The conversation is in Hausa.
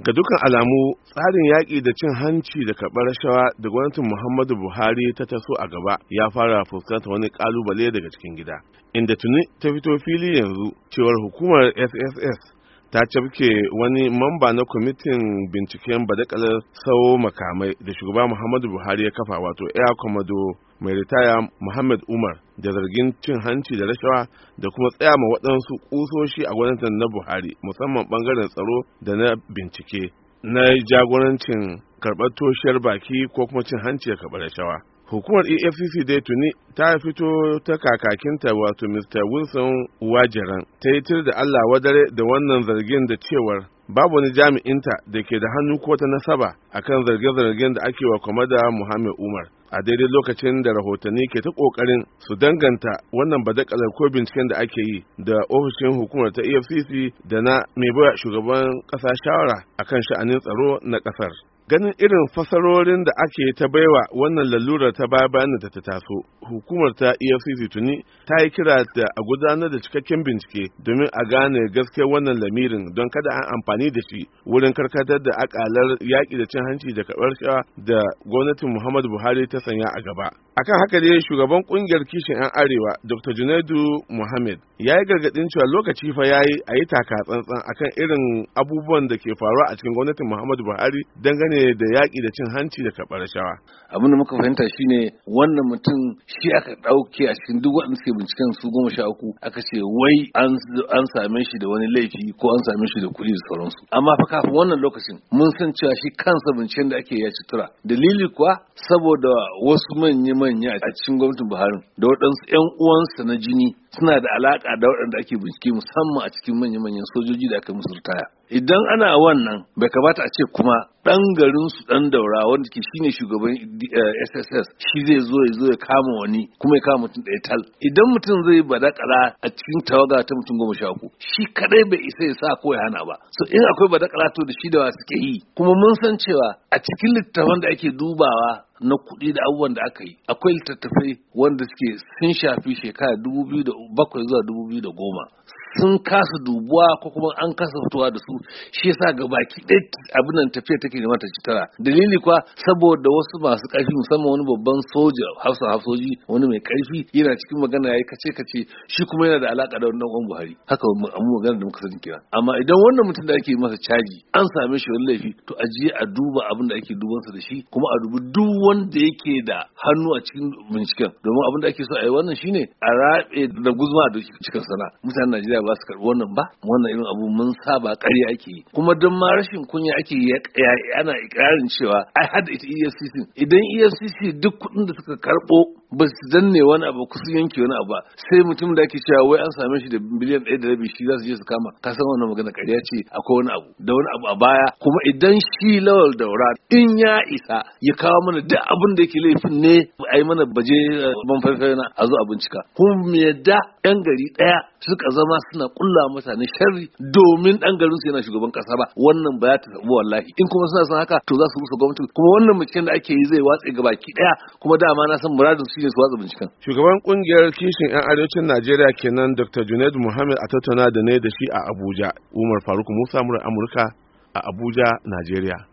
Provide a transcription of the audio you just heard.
ga dukan alamu tsarin yaƙi da cin hanci da karɓar rashawa da gwamnatin muhammadu buhari ta taso a gaba ya fara fuskanta wani ƙalubale daga cikin gida inda tuni ta fito fili yanzu cewar hukumar sss ta cafke wani mamba na kwamitin binciken badakalar sau makamai da shugaba muhammadu buhari ya kafa wato air commodore mai ritaya Muhammad Umar da zargin cin hanci da rashawa da kuma tsaya ma waɗansu ƙusoshi a gwamnatin na Buhari musamman ɓangaren tsaro da na bincike na jagorancin karɓar toshiyar baki ko kuma cin hanci da karɓar rashawa. Hukumar EFCC dai tuni ta fito ta kakakinta wato Mr. Wilson Wajiran, ta yi tir da Allah wadare da wannan zargin da cewar babu wani jami'inta da ke da hannu ko ta nasaba akan zarge-zargen da ake wa kwamada Muhammad Umar. a daidai lokacin da rahotanni ke ta kokarin su danganta wannan badakalar ko binciken da ake yi da ofishin hukumar ta efcc da na mai baya shugaban kasa shawara akan sha'anin tsaro na kasar ganin irin fasarorin da ake ta baiwa wannan lalurar ta baya bayan da ta taso hukumar ta efcc tuni ta yi kira da a gudanar da cikakken bincike domin a gane gaske wannan lamirin don kada an amfani da shi wurin karkatar da akalar yaƙi da cin hanci da karɓar shawa da gwamnatin muhammadu buhari ta sanya a gaba akan haka dai shugaban kungiyar kishin 'yan arewa dr junaidu muhammad ya yi gargaɗin cewa lokaci fa ya yi a yi taka tsantsan akan irin abubuwan da ke faruwa a cikin gwamnatin muhammadu buhari dangane da yaƙi da cin hanci da karɓar rashawa. abin da muka fahimta shine wannan mutum shi aka ɗauke a cikin duk waɗanda suke binciken su goma sha uku aka ce wai an same shi da wani laifi ko an same shi da kuɗi da sauransu amma fa kafin wannan lokacin mun san cewa shi kansa binciken da ake ya ci tura dalili kuwa saboda wasu manya-manya a cikin gwamnatin buhari da waɗansu 'yan uwansa na jini suna da alaka da waɗanda ake bincike musamman a cikin manya-manyan sojoji da aka musu ritaya idan ana wannan bai kamata a ce kuma ɗan garin su ɗan daura wanda ke shine shugaban sss eh, shi zai zo ya zo ya kama wani kuma ya kama mutum ɗaya tal idan mutum zai badakala a cikin tawaga ta mutum goma sha uku shi kadai bai isa ya sa ko ya hana ba so in akwai badakala to da shi da wa suke yi kuma mun san cewa a cikin littattafan da ake dubawa na kuɗi da abubuwan da aka yi akwai littattafai wanda suke sun shafi shekara 2007 zuwa 2010 sun kasa dubuwa ko kuma an kasa fitowa da su shi yasa ga baki ɗaya abin nan tafiya take neman ta ci tara dalili kuwa saboda wasu masu ƙarfi musamman wani babban soja hafsa hafsoji wani mai ƙarfi yana cikin magana ya yi kace kace shi kuma yana da alaƙa da wannan uwan Buhari haka mu magana da muka sani kira amma idan wannan mutum da ake masa caji an same shi wani laifi to a je a duba abin da ake duban sa da shi kuma a dubi duk wanda yake da hannu a cikin binciken domin abin da ake so a yi wannan shine a rabe da guzma da cikin sana mutanen Najeriya najeriya ba su karɓi wannan ba wannan irin abu mun saba ƙarya ake yi kuma don ma rashin kunya ake yi ana ikirarin cewa ai hada ita efcc idan efcc duk kuɗin da suka karɓo ba su danne wani abu ku sun yanke wani abu ba sai mutum da ake cewa wai an same shi da miliyan ɗaya da rabi shi za su je su kama ka san wannan magana ƙarya ce akwai wani abu da wani abu a baya kuma idan shi lawal daura in ya isa ya kawo mana duk abin da yake laifin ne a yi mana baje ban uh, faifai a zo a bincika kuma me yadda yan gari ɗaya suka zama suna kulla mutane sharri domin dan garin su yana shugaban kasa ba wannan ba ya ta tabu wallahi in kuma suna son haka to za su rusa gwamnati kuma wannan binciken da ake yi zai watse ga baki daya kuma dama na san muradin su ne su watsa binciken shugaban kungiyar kishin yan arewacin Najeriya kenan Dr. Junaid Muhammad a tattauna da ne da shi a Abuja Umar Faruk Musa Amurka a Abuja Najeriya